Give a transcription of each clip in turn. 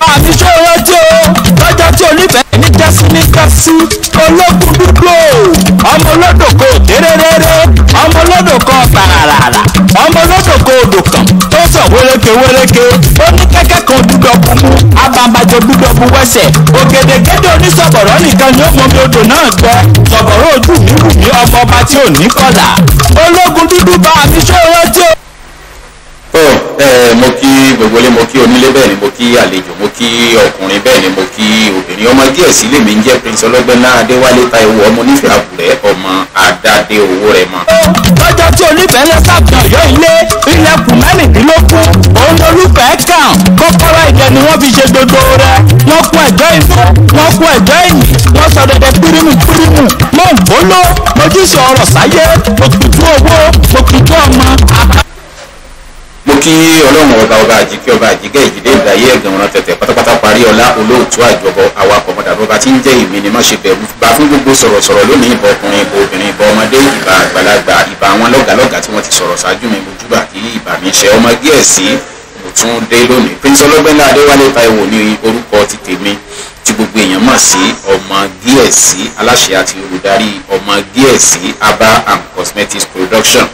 àmì ṣòro tí o lọ́jọ́ tí onífẹ̀ẹ́ ní jásí ní jásí ológun dúdú ọmọ olódò kò dérérére ọmọ olódò kò bàràràrà ọmọ olódò kò dòkàn tó sọ wéléke wéléke ó ní kẹ́kẹ́ kan dúdọ̀kú mú abambajo dúdọ̀kú wẹ́sẹ̀ ògèdègèdè onísọ̀bọ̀rọ̀ nìkan ni ó mọ mi odò náà gbẹ sọ̀bọ̀rọ̀ ojú mi wù mí ọmọ ọba tí ò ní kọlà ológun dúdú bá àmì ṣòro ẹ ẹ mo kí gbogbo lé mo kí onílé bẹ́ẹ̀ ni mo kí àlejò mo kí ọkùnrin bẹ́ẹ̀ ni mo kí obìnrin ọmọ díẹ̀ sí lèmi ń jẹ́ prince ọlọ́gbẹ́ná adéwálé táíwò ọmọ onífẹ̀ẹ́ àbúrẹ́ ọmọ àdáde owó rẹ̀ mọ́. lọ́jọ́ tí onífẹ̀ẹ́ lọ sàgbọ̀n yọ ilé ilẹ̀kùn mẹ́rìndínlógún òun lolúfẹ́ kàn kọ́kọ́rọ́ ìjẹ ni wọ́n fi ṣe gbogbo rẹ̀ wọ́n kún ẹ̀jọ́ inú wọ́n kún ẹ̀jọ́ ẹ̀yìn wọ́n sọ dẹ̀dẹ̀ pírímù pírímù mọ̀ ń bolo mojúṣe ọ̀rọ̀ sáyé òkùtù owó òkùtù ọmọ àkàkọ́ kí ọlọ́run ọba ọba àjíkẹ́ ọba àjíkẹ́ ìdílé ìdáyé ẹ̀gàn ọ̀ràn tẹ̀tẹ̀ pátápátá parí ọlá olóòtú àjọbọ awakọ̀ mọ̀dàbọ́ba tí ń jẹ́ ìmí ni má ṣe bẹ̀rù bá fún gbogbo sọ̀rọ̀sọ̀rọ̀ lónìí ìbọn ọkùnrin ìbọn obìnrin ìbọn ọmọdé ìbà àgbàlagbà ìbà àwọn lọ́gàlọ́gà tí wọ́n ti sọ̀rọ̀ ṣáájú mi lójúbà kí ìbà mi ṣe ọmọ díẹ̀ prince ọlọ́gbẹ́ńlá adéwálé taiwo ní orúkọ ti tèmi tí gbogbo èèyàn mọ̀ sí ọmọ díẹ̀ aláṣẹ àti olùdarí ọmọ díẹ̀ aba and cosmetics production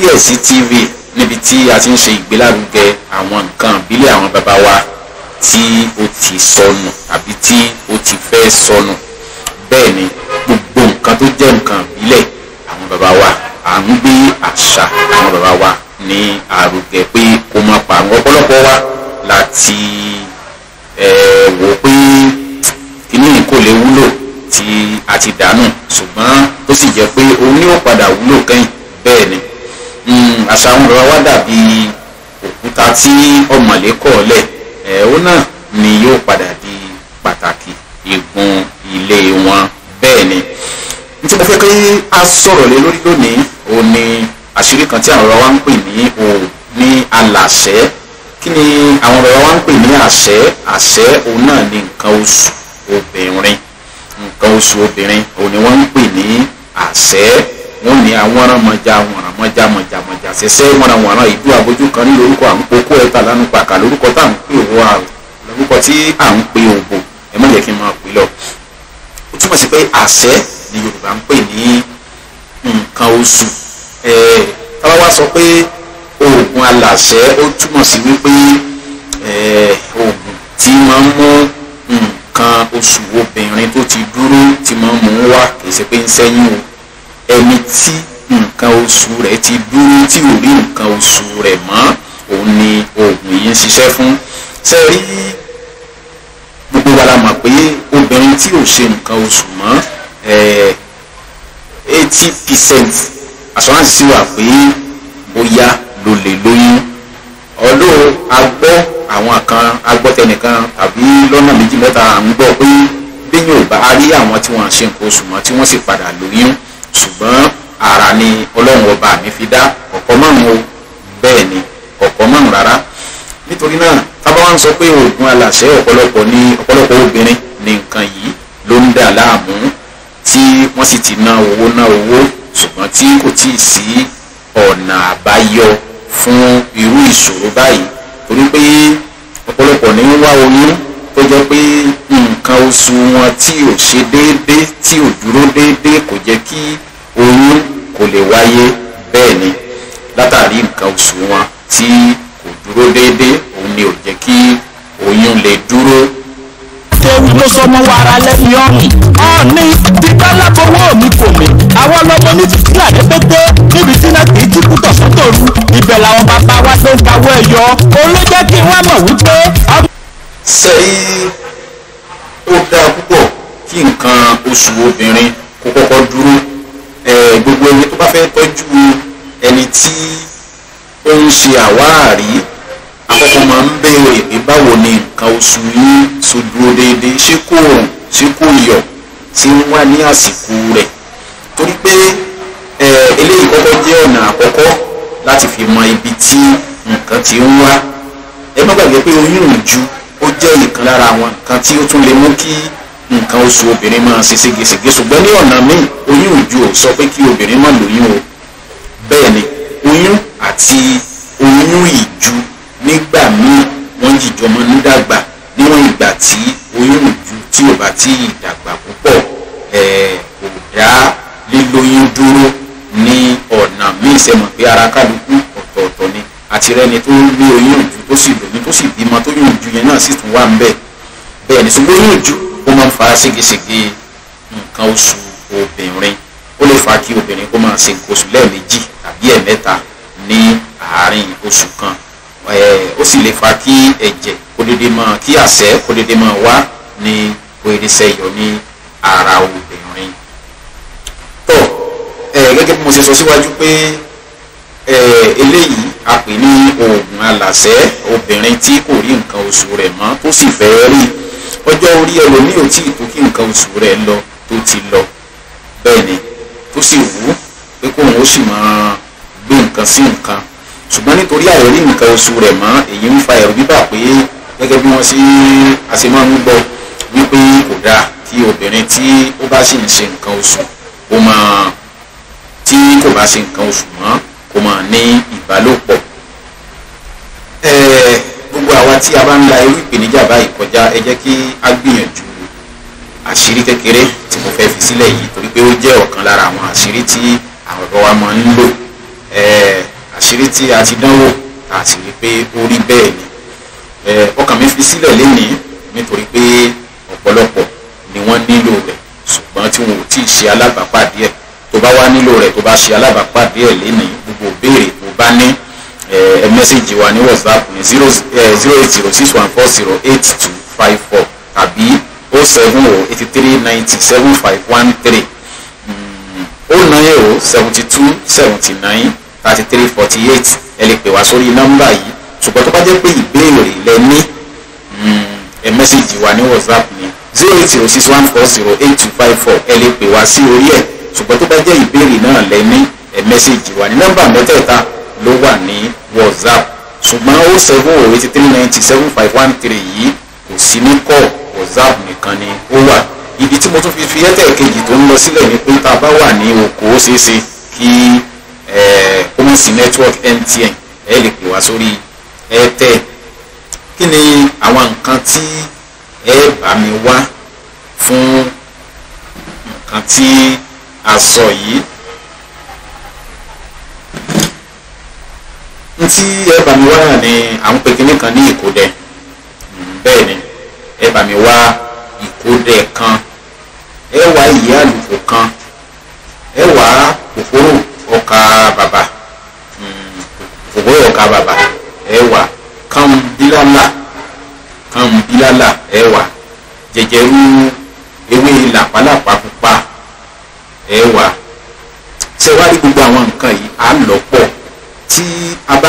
díẹ̀ sí tv níbi tí a ti ń ṣe ìgbélárugẹ àwọn nǹkan ìbílẹ̀ àwọn bàbá wa tí ó ti sọnù àbí tí ó ti fẹ́ sọnù bẹ́ẹ̀ ni gbogbo nǹkan tó jẹ́ nǹkan ìbílẹ̀ àwọn bàbá wa à ń gbé àṣà àwọn bàbá wa ní àrògẹ pé kó má pa àwọn ọ̀pọ̀lọpọ̀ wa láti wò pé kíní kò lè wúlò tí a ti dànù ṣùgbọ́n ó sì jẹ́ pé òun ni ó padà wúlò kẹ́yìn àṣà àwọn bàbá wa dàbí òkúta tí ọmọlé kọ̀ lẹ̀ ẹ̀hún náà ni yóò padà di pàtàkì igun ilé wọn bẹ́ẹ̀ ni n tí kí a sọ̀rọ̀ lé lórí lónìí òun ni àṣírí kan tí àwọn bàbá wa ń pè ní òun ní alàṣẹ kí ni àwọn bàbá wa ń pè ní àṣẹ àṣẹ òun náà ni nǹkan oṣù obìnrin nǹkan oṣù obìnrin òun ni wọ́n ń pè ní àṣẹ wọ́n ní àwọn ọmọdé àwọn mọ̀jàmọ̀jàmọ̀jà ṣẹṣẹ́ wọnàwọnà ìlú àbójú kan ní lórúkọ à ń pokó ẹ̀ta lánú pàkà lórúkọ tá à ń pè owó àrùn lórúkọ tí à ń pè òbò ẹ má yẹ kí n máa pè lọ. ó túmọ̀ sí pé àṣẹ ni Yorùbá ń pè ní nǹkan oṣù táwa wá sọ pé oògùn aláṣẹ ó túmọ̀ sí wípé oògùn tí máa ń mú nǹkan oṣù obìnrin tó ti dúró tí máa ń mú wá kì í ṣe pé ń sẹ́yìn o ẹni tí nǹkan oṣù rẹ̀ ti dúró tí ò rí nǹkan oṣù rẹ̀ mọ́ òun ni oògùn yìí ń ṣiṣẹ́ fún ṣe rí gbogbo wa la mọ̀ pé obìnrin tí ò ṣe nǹkan oṣù mọ́ eighty percent àsọ̀ránsì sí wà pé bóyá ló lè lóyún ọdún agbọ́ àwọn kan agbọ́tẹnìkan tàbí lọ́nà méjì mẹ́ta à ń gbọ́ pé bẹ́ẹ̀ yóò bá rí àwọn tí wọ́n ṣe nǹkan oṣù mọ́ tí wọ́n sì padà lóyún ṣùgbọ́n ara ni ọlọ́run ọba mi fi dá ọ̀kọ́ márùn o bẹ́ẹ̀ ni ọ̀kọ́ márùn rárá nítorí náà tábà wá ń sọ pé oògùn aláṣẹ ọ̀pọ̀lọpọ̀ ní ọ̀pọ̀lọpọ̀ obìnrin ní nǹkan yìí ló ń dà láàmú tí wọ́n sì ti ná owó ná owó ṣùgbọ́n tí kò tí ì sí ọ̀nà àbáyọ fún irú ìṣòro báyìí torí pé ọ̀pọ̀lọpọ̀ ní wá oyún tó jẹ́ pé nǹkan oṣù wọn tí ò ṣe déédéé tí ò dúró déédéé kò jẹ́ kí oyún kò lè wáyé bẹ́ẹ̀ ni látàrí nǹkan oṣù wọn tí kò dúró déédéé òun ni ò jẹ́ kí oyún lè dúró. torí ló sọ mọ́ wàrà lẹ́ni ọ̀nì ọ̀nì dídá lábọ́wọ́ mi kò mí àwọn ọlọ́mọ ní ti sílà ní níbi tí náà kì í ti kú tọ̀sán tòru ibẹ̀ làwọn bàbá wa tó ń kawọ́ ẹ̀yọ òun ló kí wọ́n mọ̀ wípé. sẹ́yìn ó dáa púpọ̀ kí nǹkan oṣù obìnrin kó kọ́kọ́ dúró bá fẹ́ tọ́jú ẹni tí ó ń ṣe àwáàrí àkọ́kọ́ máa ń béèrè pé báwo ni nǹkan oṣù yín ṣòdúró déédéé ṣé kò rùn ṣé kò yọ ṣé ń wá ní àsìkò rẹ̀ torí pé eléyìí kọ́kọ́ jẹ́ ọ̀nà àkọ́kọ́ láti fi mọ ibi tí nǹkan ti ń wá ẹ má gbàgbé pé oyún ìju ó jẹ́ ìkan lára àwọn nǹkan tí ó tún lè mú kí nǹkan oṣù obìnrin máa ṣe ségesège ṣùgbọ́n ní ọ̀nà míì oyún ojú ò sọ pé kí obìnrin má lóyún o bẹ́ẹ̀ ni oyún àti oyún ìju nígbà míì wọ́n yìjọ mọ́ nídàgbà níwọ̀n ìgbà tí oyún ìju tí ò bá tí dàgbà púpọ̀ kò dá lílóyún dúró ní ọ̀nà míì sẹ́mọ̀ pé ara kálukú ọ̀tọ̀ọ̀tọ̀ ni àti rẹni tó ní oyún ìju tó sì lóyún tó sì bímọ tó yún ìju yẹn náà sì tún wà ń bẹ́ẹ̀ bẹ́ẹ̀ ni ṣùgbọ́n oyún ìju ń fa ségesège nǹkan oṣù obìnrin ó lè fa kí obìnrin kó máa ṣe nǹkan oṣù lẹ́ẹ̀mejì tàbí ẹ̀mẹ́ta ní àárín oṣù kan ó sì lè fa kí ẹ̀jẹ̀ kó dédé máa kí àṣẹ kó dédé máa wá ní pèrèsè yọ ní ara obìnrin. tó gẹ́gẹ́ bí mo ṣe sọ síwájú pé eléyìí a pè ní oògùn alàṣẹ obìnrin tí kò rí nǹkan oṣù rẹ̀ mọ́ tó sì fẹ́ rí i ọjọ́ orí ẹlòmíì ò tí ì tó kí nǹkan oṣù rẹ̀ lọ tó ti lọ bẹ́ẹ̀ ni tó sì wù ú pé kóun ó sì máa gbé nǹkan sí nǹkan ṣùgbọ́n nítorí àìrí nǹkan oṣù rẹ̀ mọ́ èyí ń fa ẹ̀rù bíbà pé gẹ́gẹ́ bí wọ́n ṣe àṣemọ́ ń gbọ́ wípé kò dáa kí obìnrin tí ó bá sì ń ṣe nǹkan oṣù ó máa tí kò bá ṣe nǹkan oṣù mọ́ kó máa ní ìbálòpọ̀ tí a bá ń la irú ìpèníjà báyìí kọjá ẹ jẹ́ kí a gbìyànjú àṣírí kékeré tí mo fẹ́ fi sílẹ̀ yìí torí pé ó jẹ́ ọ̀kan lára àwọn àṣírí tí àwọn ọ̀dọ́ wa máa ń lò àṣírí tí a ti dánwò a sì rí pé ó rí bẹ́ẹ̀ ni ọkàn mi fi sílẹ̀ lénìí nítorí pé ọ̀pọ̀lọpọ̀ ni wọ́n nílò rẹ̀ ṣùgbọ́n tí wọn ò tí ì ṣe alábàápàdé ẹ̀ tó bá wá nílò rẹ̀ tó bá ṣe alábàápàdé ẹ̀ lénìí gbogbo ìbéèrè tó bá ní mẹ́sẹ̀gì wa ní whatsapp ní eh, zero eight zero six one four zero eight two five four tàbí o oh seven o oh eighty three ninety seven five one three hmm, o oh nine o seventy two seventy nine thirty three forty eight ẹ lè pè wá sórí nọ́mbà yìí ṣùgbọ́n tó bá jẹ́ pé ìbéèrè lẹ ní hmm, ẹ mẹ́sẹ̀gì wa ní whatsapp ní zero eight zero six one four zero eight two five four ẹ lè pè wá sí orí ẹ̀ ṣùgbọ́n tó bá jẹ́ ìbéèrè náà lẹ ní ẹ mẹ́sẹ̀gì wa ní nọ́mbà mẹ́tẹ̀ẹ̀ta ló wà ní whatsapp ṣùgbọ́n o seven o eighty three ninety seven five one three yìí kò sí ní kọ́ whatsapp nìkan ni ó wà ibi tí mo tún fi fi airtel kejì tó ń lọ sílẹ̀ ni pé tá a bá wà ní oko ó ṣeé ṣe kí ó mọ̀ sí network mtn ẹ lè pè wá sórí airtel kí ni àwọn nǹkan tí ẹ bá mi wá fún nǹkan tí a sọ yìí. ntí ẹ bá mi wá náà ni à ń pe kinní kan ní ìkódẹ bẹ́ẹ̀ ni ẹ bá mi wá ìkódẹ kan ẹ wá ìyá àlùkò kan ẹ wá kòkòrò ọkà bàbà hmm, kòkòrò ọkà bàbà ẹ wá kàmbílálà kàmbílálà jẹjẹrú ewé làpálàpá pupa ẹ wá rí gbogbo àwọn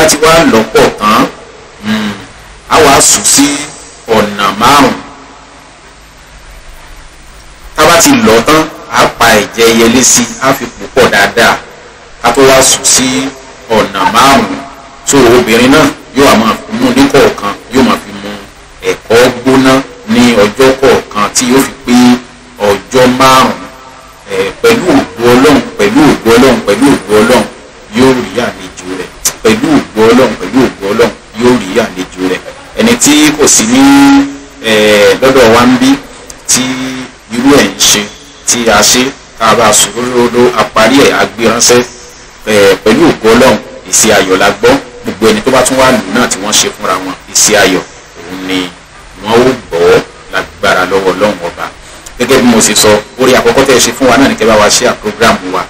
ti wá lọ́pọ̀ tán á hmm, wá sùn sí ọ̀nà márùn-ún a bá ti lọ tán á pa ẹ̀jẹ̀ yẹlé sí á fi pò pọ̀ dáadáa á tó wá sùn sí ọ̀nà márùn-ún tó obìnrin náà yóò máa fi mú ní kọ̀ọ̀kan yóò máa fi mu ẹ̀kọ́ gbóná ní ọjọ́ kọ̀ọ̀kan tí yóò fi pé ọjọ́ márùn ránṣẹ́ eh, pẹ̀lú ògo ọlọ́run èsì ayọ̀ la gbọ́ gbogbo ẹni tó bá tún wà lù náà tí wọ́n ṣe fúnra wọn èsì ayọ̀ òun ni wọ́n ó gbọ́ lágbára lọ́wọ́ ọlọ́run ọba gẹ́gẹ́ bí mo ṣe sọ orí àkọ́kọ́ tẹ́ ẹ ṣe fún wa náà ní kẹ́ bá wa ṣe àpọ́gíráàmù wa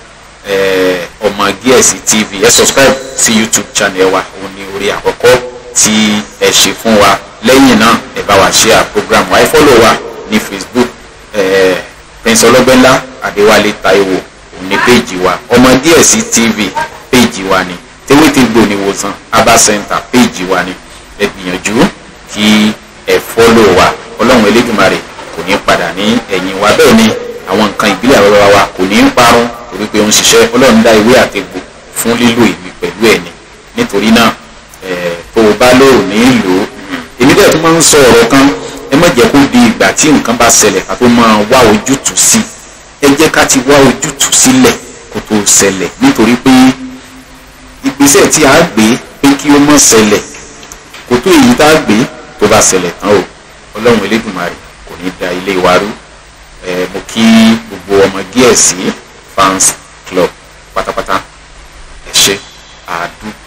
eh, ọmọ gẹ̀ẹ́sì tv ẹ subscribe sí youtube channel wa òun ni orí àkọ́kọ́ tí ẹ ṣe fún wa lẹ́yìn náà ẹ bá wa ṣe àpọ́gíráàmù wa ẹ fọ́lọ̀ wa ní facebook eh, prince ọlọ́gbẹ́ńlá adéwálé taiwo ní péjì wa ọmọ díẹ̀ sí tv péjì wa ni tewétegbò ní ìwòsàn abba center péjì wa ni ẹ gbìyànjú kí ẹ fọ́lò wa ọlọ́run elédùnmarè kò ní padà ní ẹ̀yìn wa bẹ́ẹ̀ ni àwọn nǹkan ìbílẹ̀ àbábá wa kò ní parun torí pé ó ń ṣiṣẹ́ ọlọ́run dá ìwé àtegbò fún lílo ìwé pẹ̀lú ẹ̀ ni nítorí náà tó o bá lóò ní lò ó èmi dẹ̀ tún máa ń sọ ọ̀rọ̀ kan ẹ má jẹ́ kó di ìgbà tí nǹkan bá ṣẹlẹ̀ ká máa wá ojútùú sí i ẹ jẹ́ ká ti wá ojútùú sílẹ̀ kó tó ṣẹlẹ̀ nítorí pé ìgbésẹ̀ tí a gbé pé kí ó mọ̀ ṣẹlẹ̀ kó tó èyí tá a gbé tó bá ṣẹlẹ̀ tán o ọlọ́run elédùnmarè kò ní da ilé wa rú ẹ mo kí gbogbo ọmọ díẹ̀ sí fans club pátápátá ẹ ṣe àdúgbò.